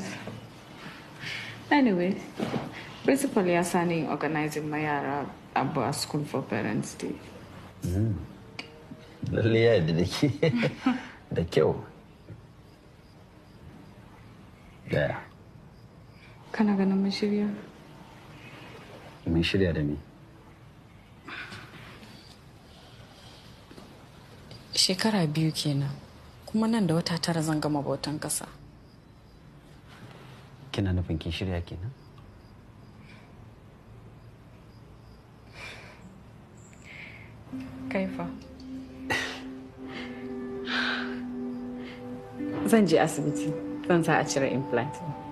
sometimes. Anyways, Principal Yasani organizing my Mayara Abu a school for Parents Day. Hmm. Lalle ya da ke da kyau. Daya. Kana ganin mun shirya? Mun shirya da me? Shekara biyu kenan, kuma nan da wata tara zan gama bautan kasa. kina nufin kin shirya kenan kaifa zan je asibiti zan sa a cire implant